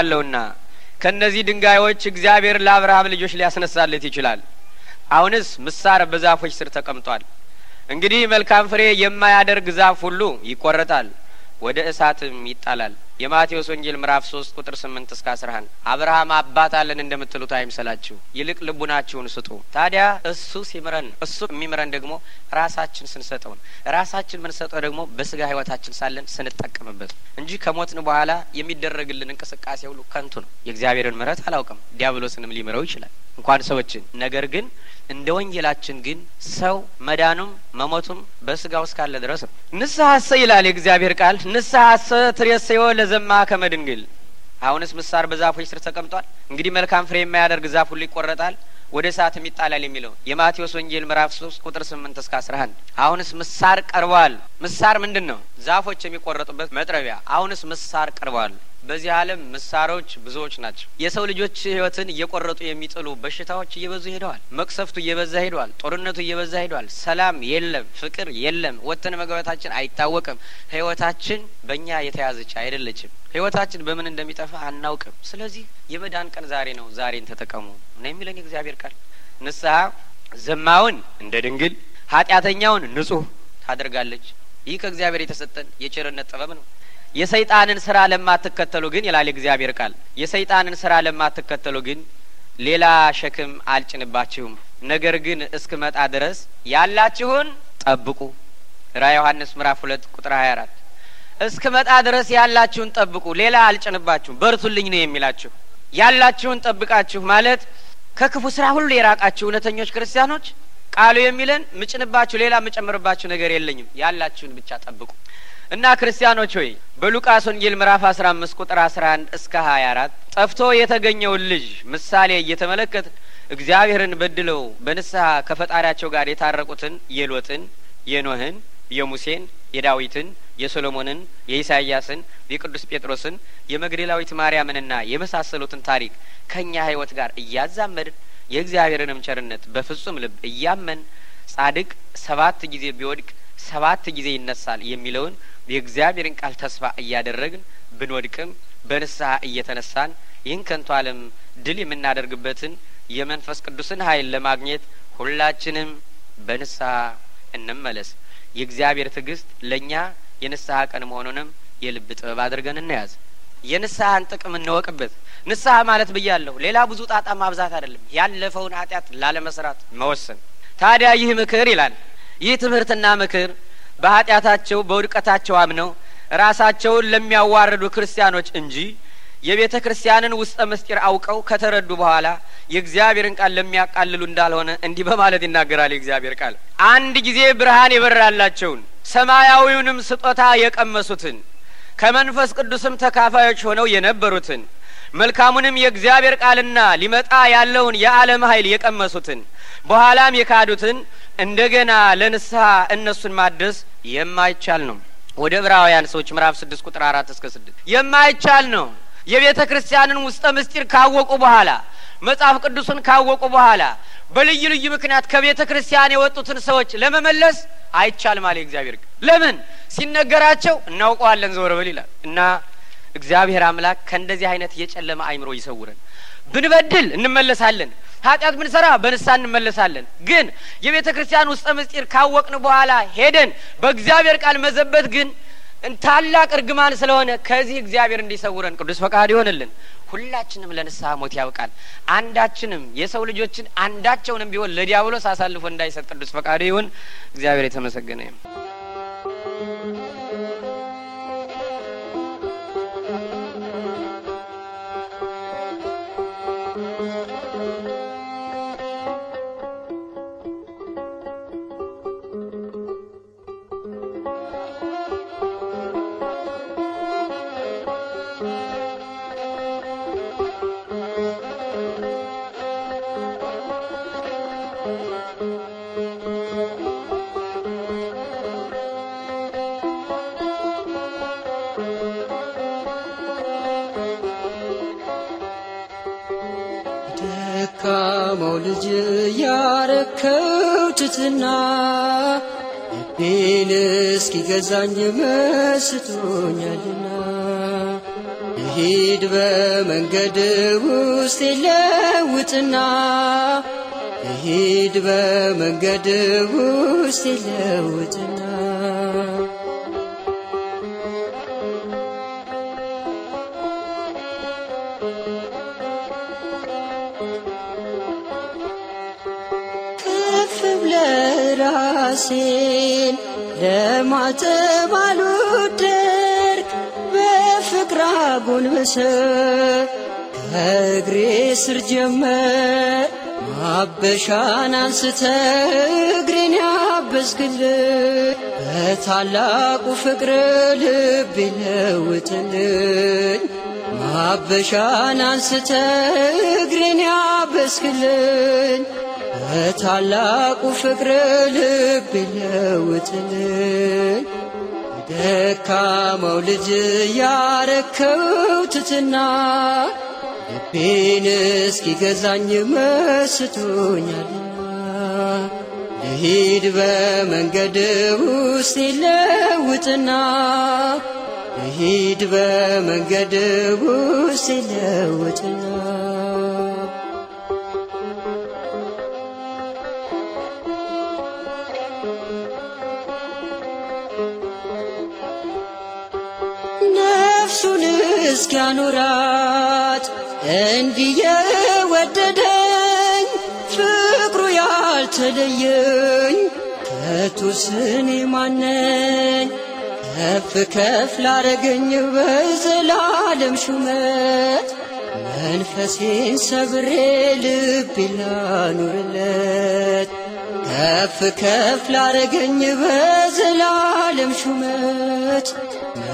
አለውና ከእነዚህ ድንጋዮች እግዚአብሔር ለአብርሃም ልጆች ሊያስነሳለት ይችላል። አሁንስ ምሳር በዛፎች ስር ተቀምጧል። እንግዲህ መልካም ፍሬ የማያደርግ ዛፍ ሁሉ ይቆረጣል ወደ እሳትም ይጣላል። የማቴዎስ ወንጌል ምዕራፍ ሶስት ቁጥር ስምንት እስከ አስራ አንድ አብርሃም አባት አለን እንደምትሉት አይምሰላችሁ፣ ይልቅ ልቡናችሁን ስጡ። ታዲያ እሱ ሲምረን እሱ የሚምረን ደግሞ ራሳችን ስንሰጠው ነው። ራሳችን ምንሰጠው ደግሞ በስጋ ህይወታችን ሳለን ስንጠቀምበት እንጂ ከሞትን በኋላ የሚደረግልን እንቅስቃሴ ሁሉ ከንቱ ነው። የእግዚአብሔርን ምረት አላውቅም፣ ዲያብሎስንም ሊምረው ይችላል እንኳን ሰዎችን። ነገር ግን እንደ ወንጌላችን ግን ሰው መዳኑም መሞቱም በስጋው እስካለ ድረስ ነው። ንስሐ ሰ ይላል የእግዚአብሔር ቃል ንስሐ ሰ ትሬሰዮ ዘማ ከመድንግል አሁንስ ምሳር በዛፎች ስር ተቀምጧል። እንግዲህ መልካም ፍሬ የማያደርግ ዛፍ ሁሉ ይቆረጣል፣ ወደ እሳትም ይጣላል የሚለው የማቴዎስ ወንጌል ምዕራፍ ሶስት ቁጥር ስምንት እስከ አስራ አንድ አሁንስ ምሳር ቀርቧል። ምሳር ምንድን ነው? ዛፎች የሚቆረጡበት መጥረቢያ። አሁንስ ምሳር ቀርቧል። በዚህ ዓለም ምሳሮች ብዙዎች ናቸው። የሰው ልጆች ህይወትን እየቆረጡ የሚጥሉ በሽታዎች እየበዙ ሄደዋል። መቅሰፍቱ እየበዛ ሄደዋል። ጦርነቱ እየበዛ ሄደዋል። ሰላም የለም፣ ፍቅር የለም። ወጥተን መግባታችን አይታወቅም። ህይወታችን በእኛ የተያዘች አይደለችም። ህይወታችን በምን እንደሚጠፋ አናውቅም። ስለዚህ የመዳን ቀን ዛሬ ነው። ዛሬን ተጠቀሙ ነው የሚለን የእግዚአብሔር ቃል። ንስሐ ዘማውን እንደ ድንግል ኃጢአተኛውን ንጹህ ታደርጋለች። ይህ ከእግዚአብሔር የተሰጠን የቸርነት ጥበብ ነው። የሰይጣንን ስራ ለማትከተሉ ግን ይላል እግዚአብሔር ቃል፣ የሰይጣንን ስራ ለማትከተሉ ግን ሌላ ሸክም አልጭንባችሁም፣ ነገር ግን እስክመጣ ድረስ ያላችሁን ጠብቁ። ራ ዮሐንስ ምዕራፍ ሁለት ቁጥር ሀያ አራት መጣ ድረስ ያላችሁን ጠብቁ፣ ሌላ አልጭንባችሁም፣ በርቱልኝ ነው የሚላችሁ። ያላችሁን ጠብቃችሁ ማለት ከክፉ ስራ ሁሉ የራቃችሁ እውነተኞች ክርስቲያኖች ቃሉ የሚለን ምጭንባችሁ ሌላ የምጨምርባችሁ ነገር የለኝም፣ ያላችሁን ብቻ ጠብቁ። እና ክርስቲያኖች ሆይ በሉቃስ ወንጌል ምዕራፍ 15 ቁጥር 11 እስከ 24 ጠፍቶ የተገኘውን ልጅ ምሳሌ እየተመለከት እግዚአብሔርን በድለው በንስሐ ከፈጣሪያቸው ጋር የታረቁትን የሎጥን፣ የኖህን፣ የሙሴን፣ የዳዊትን፣ የሶሎሞንን፣ የኢሳይያስን፣ የቅዱስ ጴጥሮስን፣ የመግደላዊት ማርያምንና የመሳሰሉትን ታሪክ ከእኛ ህይወት ጋር እያዛመድን የእግዚአብሔርንም ቸርነት በፍጹም ልብ እያመን ጻድቅ ሰባት ጊዜ ቢወድቅ ሰባት ጊዜ ይነሳል የሚለውን የእግዚአብሔርን ቃል ተስፋ እያደረግን ብንወድቅም በንስሐ እየተነሳን ይህን ከንቱ ዓለም ድል የምናደርግበትን የመንፈስ ቅዱስን ኃይል ለማግኘት ሁላችንም በንስሐ እንመለስ። የእግዚአብሔር ትዕግስት ለእኛ የንስሐ ቀን መሆኑንም የልብ ጥበብ አድርገን እናያዝ። የንስሐን ጥቅም እንወቅበት። ንስሐ ማለት ብያለሁ፣ ሌላ ብዙ ጣጣ ማብዛት አይደለም፣ ያለፈውን ኃጢአት ላለመስራት መወሰን። ታዲያ ይህ ምክር ይላል ይህ ትምህርትና ምክር በኃጢአታቸው በውድቀታቸው አምነው ራሳቸውን ለሚያዋርዱ ክርስቲያኖች እንጂ የቤተ ክርስቲያንን ውስጠ ምስጢር አውቀው ከተረዱ በኋላ የእግዚአብሔርን ቃል ለሚያቃልሉ እንዳልሆነ እንዲህ በማለት ይናገራል። የእግዚአብሔር ቃል አንድ ጊዜ ብርሃን የበራላቸውን ሰማያዊውንም ስጦታ የቀመሱትን ከመንፈስ ቅዱስም ተካፋዮች ሆነው የነበሩትን መልካሙንም የእግዚአብሔር ቃልና ሊመጣ ያለውን የዓለም ኃይል የቀመሱትን በኋላም የካዱትን እንደገና ለንስሐ እነሱን ማድረስ የማይቻል ነው። ወደ ዕብራውያን ሰዎች ምዕራፍ ስድስት ቁጥር አራት እስከ ስድስት የማይቻል ነው። የቤተ ክርስቲያንን ውስጠ ምስጢር ካወቁ በኋላ መጽሐፍ ቅዱስን ካወቁ በኋላ በልዩ ልዩ ምክንያት ከቤተ ክርስቲያን የወጡትን ሰዎች ለመመለስ አይቻልም አለ እግዚአብሔር። ለምን ሲነገራቸው እናውቀዋለን ዘወር በል ይላል እና እግዚአብሔር አምላክ ከእንደዚህ አይነት የጨለመ አይምሮ ይሰውረን። ብንበድል እንመለሳለን። ኃጢአት ብንሰራ በንሳ እንመለሳለን። ግን የቤተ ክርስቲያን ውስጠ ምስጢር ካወቅን በኋላ ሄደን በእግዚአብሔር ቃል መዘበት ግን ታላቅ እርግማን ስለሆነ ከዚህ እግዚአብሔር እንዲሰውረን ቅዱስ ፈቃድ ይሆንልን። ሁላችንም ለንስሐ ሞት ያብቃል። አንዳችንም የሰው ልጆችን አንዳቸውንም ቢሆን ለዲያብሎስ አሳልፎ እንዳይሰጥ ቅዱስ ፈቃድ ይሁን። እግዚአብሔር የተመሰገነ ይሁን። ደካማው ልጅ ያረከው ትትና ልቤን እስኪገዛኝ መስቶኛልና ሂድ በመንገድ ውስጥ የለውጥና ሂድ በመንገድ ውስጥ ይለውጥና ከፍ ብለ ራሴን ለማጠብ አልወደድክ በፍቅር አጎንብሰህ ከእግሬ ስር ጀመር አበሻን አንስተ እግሬን ያበስግል በታላቁ ፍቅር ልብ ይለውጥልኝ። ማበሻን አንስተ እግሬን ያበስግልኝ በታላቁ ፍቅር ልብ ይለውጥልኝ። ደካማው ልጅ ያረከው ትትና ልቤን እስኪገዛኝ መስቶኛል ልሂድ በመንገድ ውስጥ ይለውጥና ልሂድ በመንገድ ውስጥ ይለውጥና ነፍሱን እስኪያኖራት እንጂ የወደደኝ ፍቅሩ ያልተለየኝ ከቶ ስኔ ማነኝ ከፍ ከፍ ላረገኝ በዘላለም ሹመት መንፈሴን ሰብሬ ልቤ ላኑርለት ከፍ ከፍ ላረገኝ በዘላለም ሹመት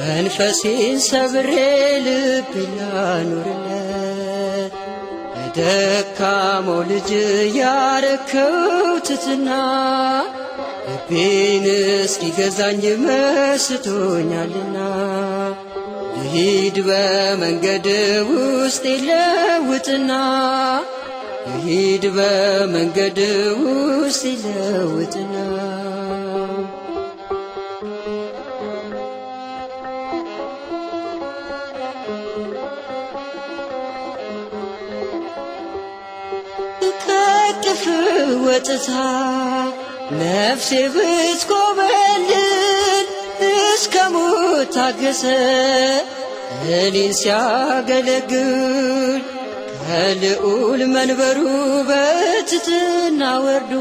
መንፈሴን ሰብሬ ልብ ላኑርለት ደካሞ ልጅ ያረከው ትትና ልቤን እስኪገዛኝ መስቶኛልና ይሂድ በመንገድ ውስጥ ይለውጥና ይሂድ በመንገድ ውስጥ ይለውጥና ወጥታ ነፍሴ ብትኮበልል እስከ ሞት ታገሰ እኔን ሲያገለግል ከልዑል መንበሩ በትትና ወርዶ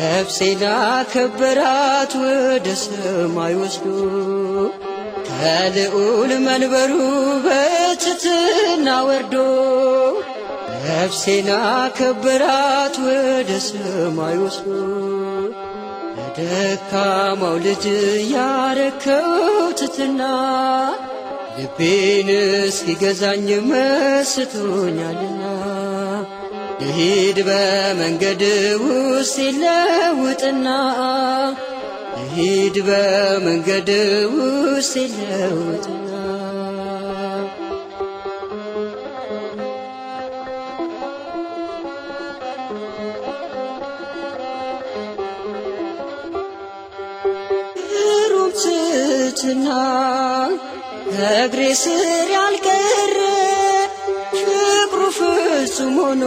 ነፍሴና ከበራት ወደ ሰማይ ወስዶ ከልዑል መንበሩ በትትና ወርዶ ነፍሴና ከበራት ወደ ሰማዩ ለደካማው ልጅ ያረከው ትትና ልቤን እስኪገዛኝ መስቶኛልና ልሂድ በመንገድ ውስጥ ይለውጥና ልሂድ በመንገድ ውስጥ ይለውጥና ሞትና እግሬ ስር ያልቀረ ፍቅሩ ፍጹም ሆኖ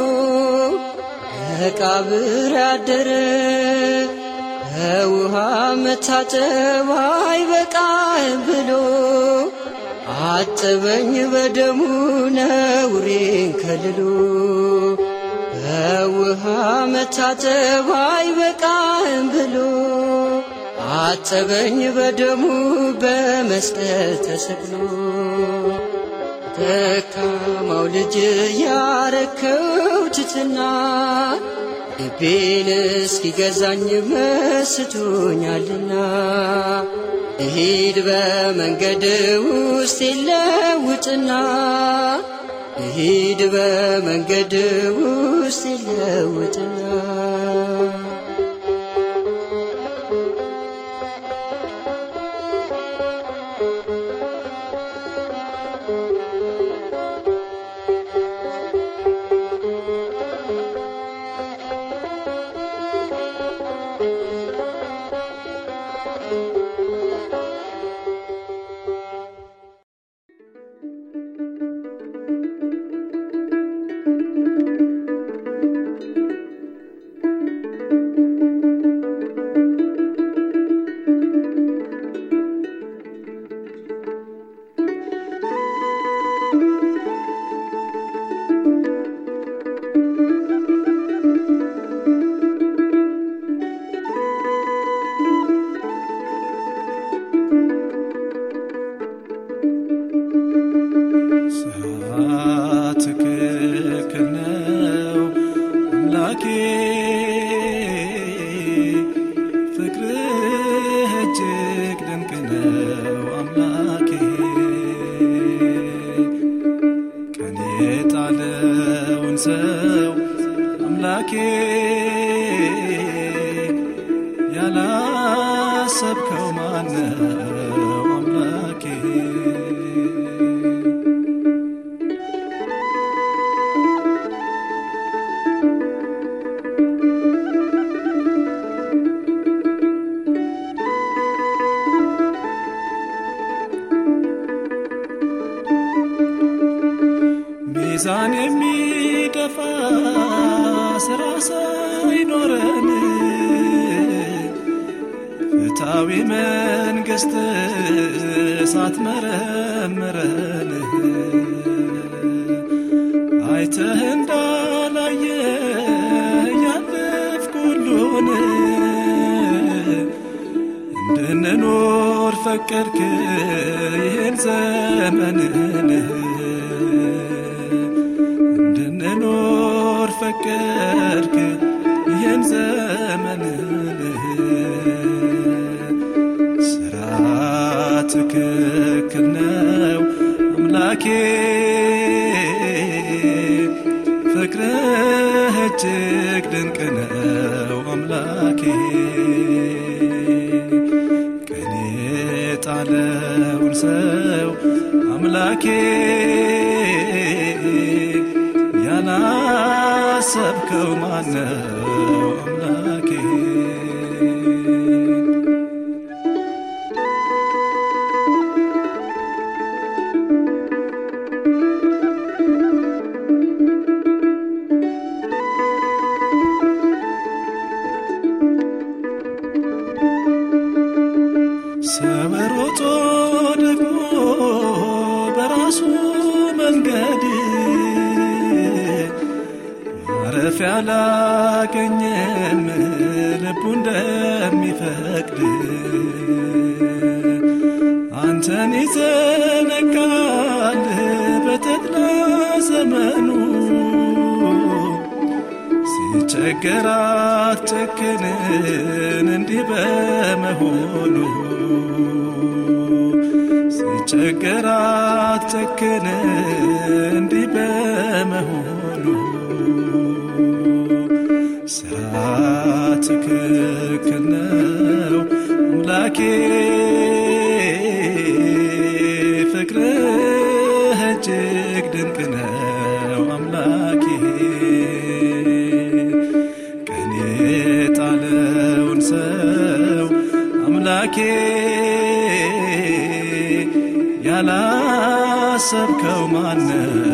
መቃብር ያደረ ውሃ መታጠብ አይበቃም ብሎ አጠበኝ በደሙ ነውሬን ከልሎ በውሃ መታጠብ አይበቃም ብሎ አጠበኝ በደሙ በመስቀል ተሰቅሎ ደካማው ልጅ ያረከው ትትና ልቤን እስኪገዛኝ መስቶኛልና እሂድ በመንገድ ውስጥ የለውጥና እሂድ በመንገድ ውስጥ የለውጥና አንተህ እንዳላየ ያለፍኩ ሁሉን እንድንኖር ፈቀድክ ይህን ዘመንን እንድንኖር ፈቀድክ ይህን ዘመንን ስራ ትክክል ነው አምላኬ ፍቅርህ እጅግ ድንቅ ነው አምላኬ ቀኔ ጣለውን ሰው አምላኬ ያላሰብከው ማነው ልቡ እንደሚፈቅድ አንተን ይዘነጋል በተድላ ዘመኑ ሲቸገር አትጨክንን እንዲህ በመሆኑ ሲቸገር አትጨክንን እንዲህ በመሆኑ ትክክል ነው አምላኬ ፍቅርህ እጅግ ድንቅ ነው አምላኬ ቀን የጣለውን ሰው አምላኬ ያላሰብከው ማነው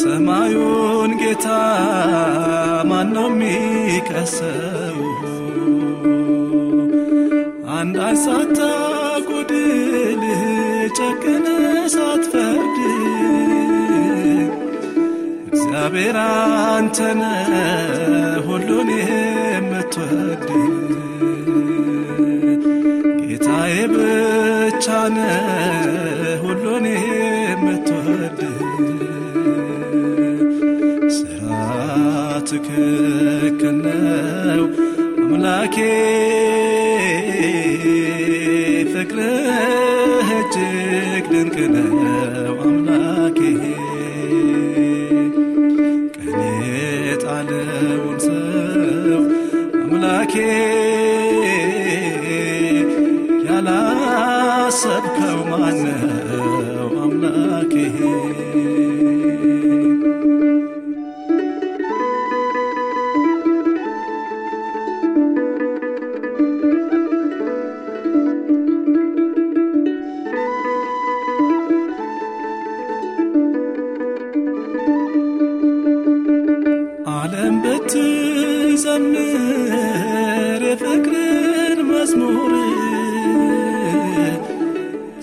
ሰማዩን ጌታ ማን ነው የሚቀሰው? አንድ አይሳታ ጎድል ጨክነ ሳትፈርድ እግዚአብሔር አንተነ ሁሉን የምትወድ ጌታዬ ብቻነ ሁሉን ትክክል ነው አምላኬ ፍቅርህ እጅግ ድንቅ ነው አምላኬ ቀን የጣለውን ሰው አምላኬ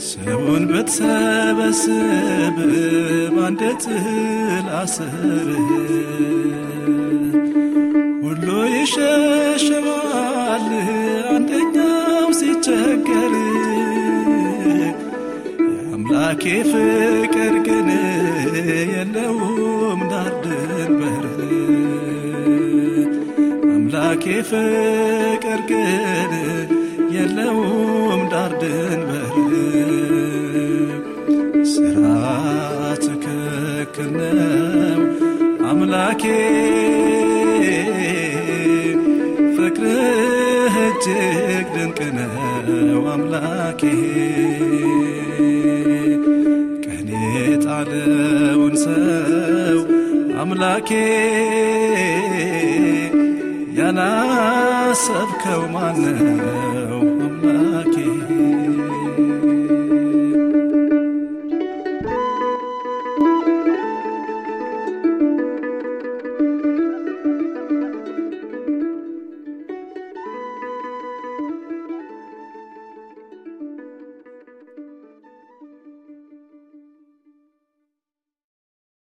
ሰውን ብትሰበስብ በአንድ ጥላ ስር ሁሉ ይሸሸዋል አንደኛው ሲቸገር የአምላኬ ፍቅር ግን የለውም ዳር ድንበር አምላኬ ፍቅር ግን የለውም ዳር ድንበር ስራ ትክክል ነው አምላኬ ፍቅርህ እጅግ ድንቅ ነው አምላኬ ቀኔ ጣለውን ሰው አምላኬ ያላሰብከው ማነው